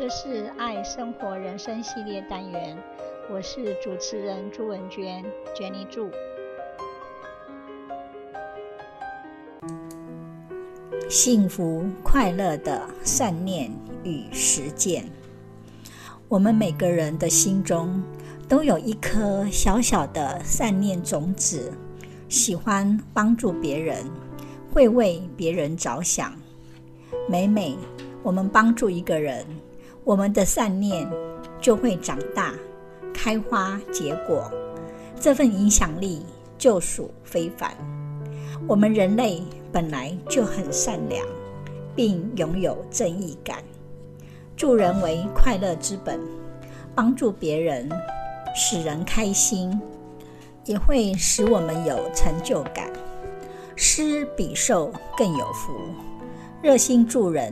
這是愛生活人生系列單元，我是主持人朱文娟。Jenny Zhu。幸福快樂的善念與實踐。我們每個人的心中都有一顆小小的善念種子，喜歡幫助別人，會為別人着想。每每我們幫助一個人。我們的善念就會長大，開花結果，這份影響力就屬非凡。我們人類本來就很善良，並擁有正義感。助人為快樂之本，幫助別人使人開心，也會使我們有成就感。施比受更有福，熱心助人，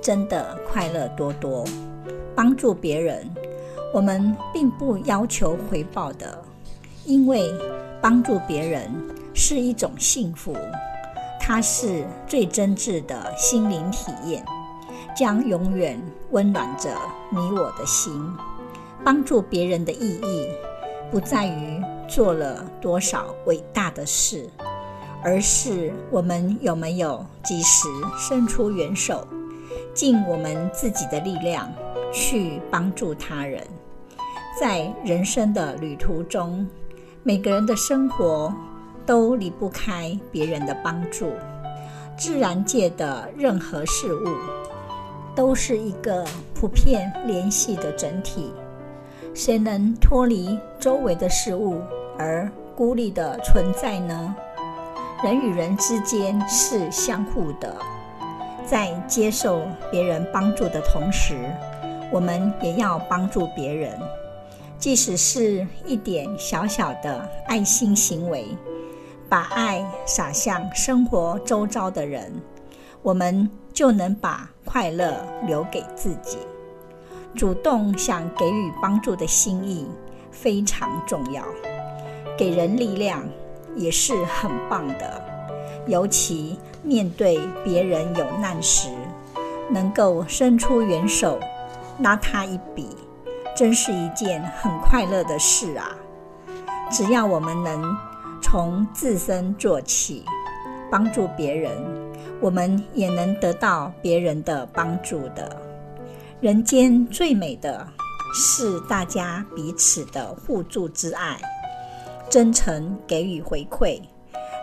真的快樂多多，幫助別人，我們並不要求回報的，因為幫助別人是一種幸福，它是最真摯的心靈體驗，將永遠溫暖着你我的心。幫助別人的意義，不在於做了多少偉大的事，而是我們有沒有及時伸出援手。盡我們自己的力量去幫助他人，在人生的旅途中，每個人的生活都離不開別人的幫助。自然界的任何事物都是一個普遍聯繫的整體，誰能脫離周圍的事物而孤立的存在呢？人與人之間是相互的。在接受別人幫助的同時，我們也要幫助別人，即使是一點小小的愛心行為，把愛灑向生活周遭的人，我們就能把快樂留給自己。主動想給予幫助的心意，非常重要，給人力量也是很棒的，尤其，面對別人有難時，能夠伸出援手，拉他一把，真是一件很快樂的事啊！只要我們能從自身做起，幫助別人，我們也能得到別人的幫助的。人間最美的是大家彼此的互助之愛，真誠給予回饋，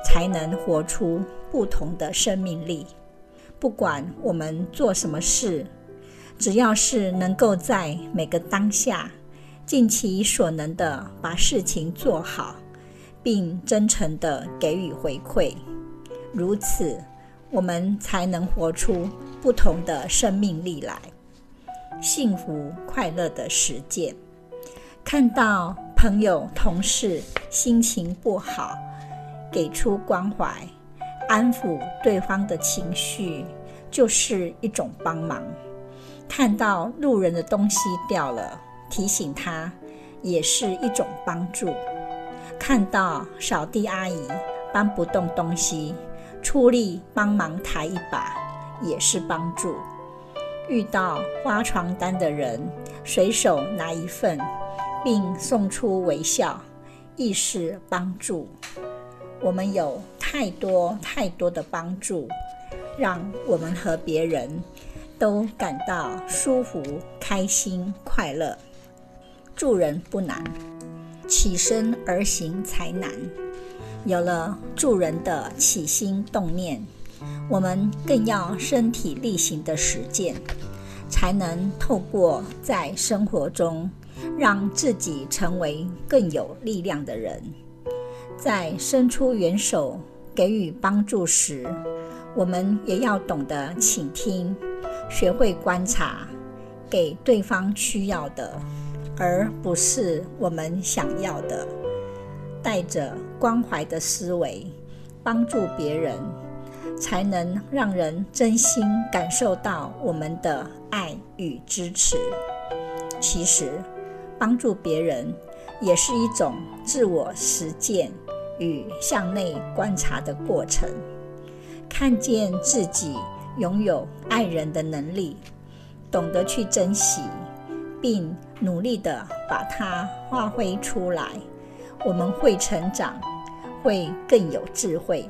才能活出。不同的生命力。不管我們做什麼事，只要是能夠在每個當下，盡其所能的把事情做好，並真誠的給予回饋，如此，我們才能活出不同的生命力來。幸福快樂的實踐。看到朋友、同事心情不好，給出關懷。安撫對方的情緒，就是一種幫忙。看到路人的東西掉了，提醒他，也是一種幫助。看到掃地阿姨搬不動東西，出力幫忙抬一把，也是幫助。遇到發傳單的人，隨手拿一份，並送出微笑，亦是幫助。我們有。太多太多的幫助，讓我們和別人都感到舒服、開心、快樂。助人不難，起身而行才難。有了助人的起心動念，我們更要身體力行的實踐，才能透過在生活中，讓自己成為更有力量的人。在伸出援手。給予幫助時，我們也要懂得傾聽，學會觀察，給對方需要的，而不是我們想要的。帶着關懷的思維，幫助別人，才能讓人真心感受到我們的愛與支持。其實，幫助別人也是一種自我實踐。與向內觀察的過程，看見自己擁有愛人的能力，懂得去珍惜，並努力地把它發揮出來。我們會成長，會更有智慧。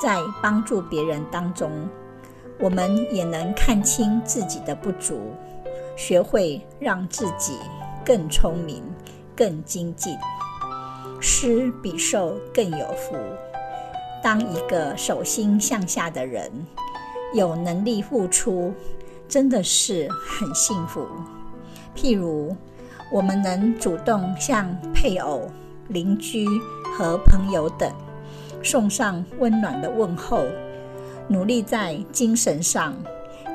在幫助別人當中，我們也能看清自己的不足，學會讓自己更聰明、更精進。施比受更有福。當一個手心向下的人，有能力付出，真的是很幸福。譬如，我們能主動向配偶、鄰居和朋友等送上溫暖的問候，努力在精神上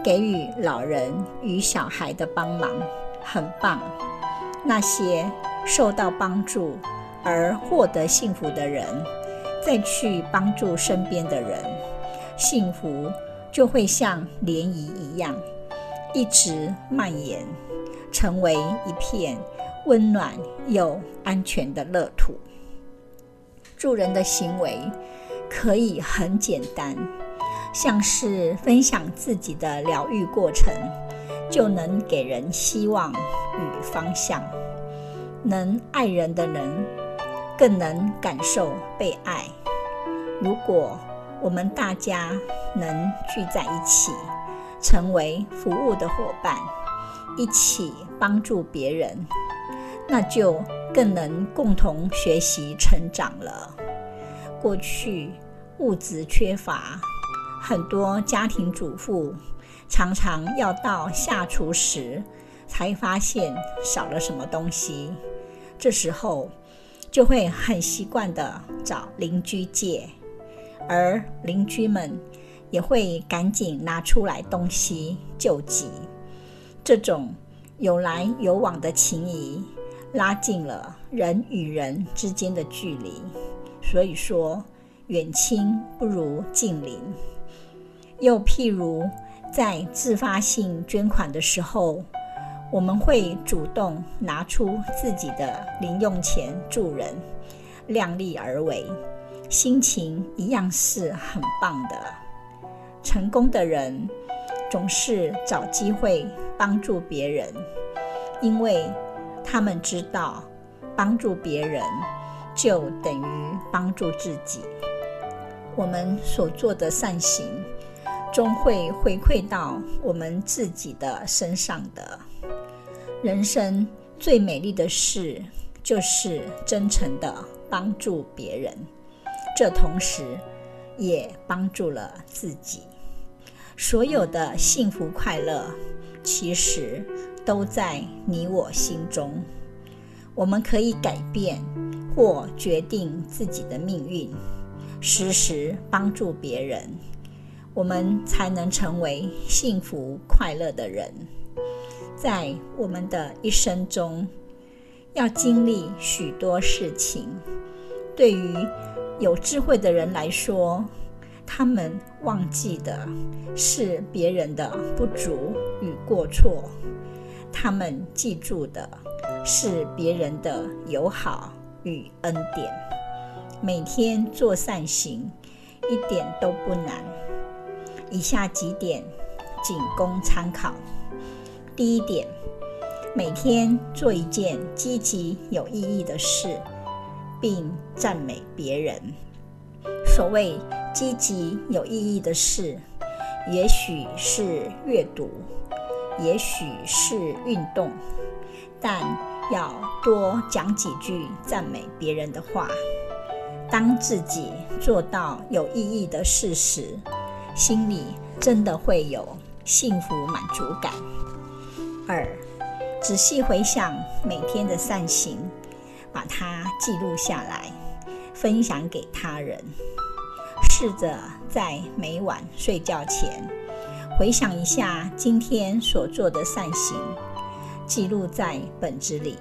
給予老人與小孩的幫忙，很棒。那些受到幫助。而獲得幸福的人，再去幫助身邊的人，幸福就會像漣漪一樣，一直蔓延，成為一片溫暖又安全的樂土。助人的行為，可以很簡單，像是分享自己的療癒過程，就能給人希望與方向。能愛人的人。更能感受被愛。如果我們大家能聚在一起，成為服務的伙伴，一起幫助別人，那就更能共同學習成長了。過去物資缺乏，很多家庭主婦常常要到下廚時才發現少了什麼東西，這時候。就會很習慣的找鄰居借，而鄰居們也會趕緊拿出來東西救急。這種有來有往的情誼，拉近了人與人之間的距離。所以說，遠親不如近鄰。又譬如在自發性捐款的時候。我們會主動拿出自己的零用錢助人，量力而為，心情一樣是很棒的。成功的人總是找機會幫助別人，因為他們知道，幫助別人，就等於幫助自己。我們所做的善行，終會回饋到我們自己的身上的。人生最美麗的事，就是真誠地幫助別人，這同時也幫助了自己。所有的幸福快樂，其實都在你我心中。我們可以改變或決定自己的命運，時時幫助別人，我們才能成為幸福快樂的人。在我們的一生中，要經歷許多事情。對於有智慧的人來說，他們忘記的是別人的不足與過錯，他們記住的是別人的友好與恩典。每天做善行，一點都不難。以下幾點，僅供參考。第一點，每天做一件積極有意義的事，並讚美別人。所謂積極有意義的事，也許是閱讀，也許是運動，但要多講幾句讚美別人的話。當自己做到有意義的事時，心裡真的會有幸福滿足感。二，仔細回想每天的善行，把它記錄下來，分享給他人。試着在每晚睡覺前，回想一下今天所做的善行，記錄在本子裡。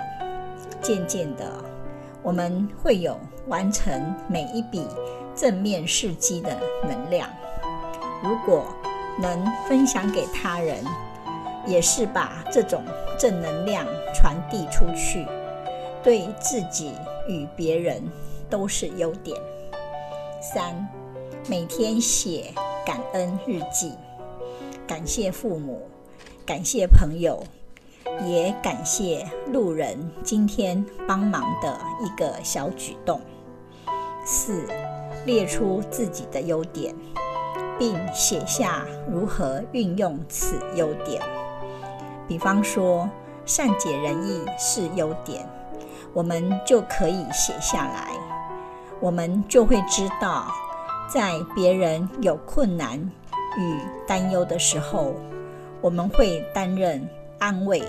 漸漸的，我們會有完成每一筆正面事蹟的能量。如果能分享給他人。也是把這種正能量傳遞出去，對自己與別人都是優點。三、每天寫感恩日記，感謝父母，感謝朋友，也感謝路人今天幫忙的一個小舉動。四、列出自己的優點，並寫下如何運用此優點。比方說，善解人意是優點，我們就可以寫下來。我們就會知道，在別人有困難與擔憂的時候，我們會擔任安慰、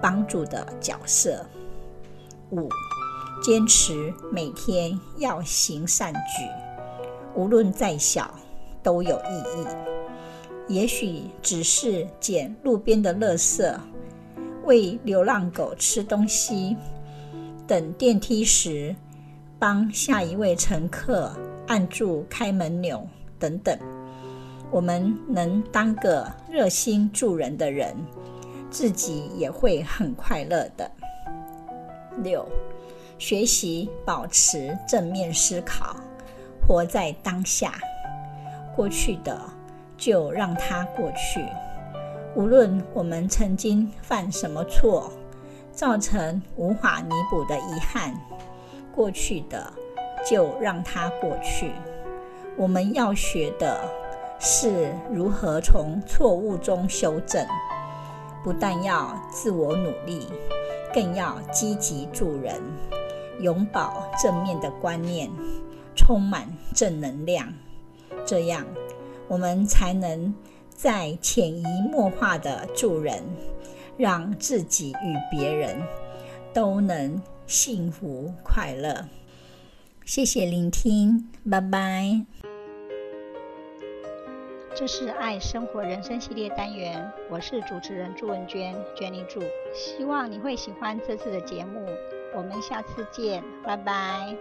幫助的角色。五、堅持每天要行善舉，無論再小，都有意義。也許只是撿路邊的垃圾，餵流浪狗吃東西，等電梯時，幫下一位乘客按住開門鈕，等等。我們能當個熱心助人的人，自己也會很快樂的。六、學習保持正面思考，活在當下，過去的，就讓它過去。無論我們曾經犯什麼錯，造成無法彌補的遺憾，過去的，就讓它過去。我們要學的，是如何從錯誤中修正，不但要自我努力，更要積極助人，永葆正面的觀念，充滿正能量。這樣，我們才能在潛移默化的助人，讓自己與別人都能幸福快樂。謝謝聆聽，拜拜。這是愛生活人生系列單元，我是主持人朱文娟，Jenny Chu，希望你會喜歡這次的節目，我們下次見，拜拜。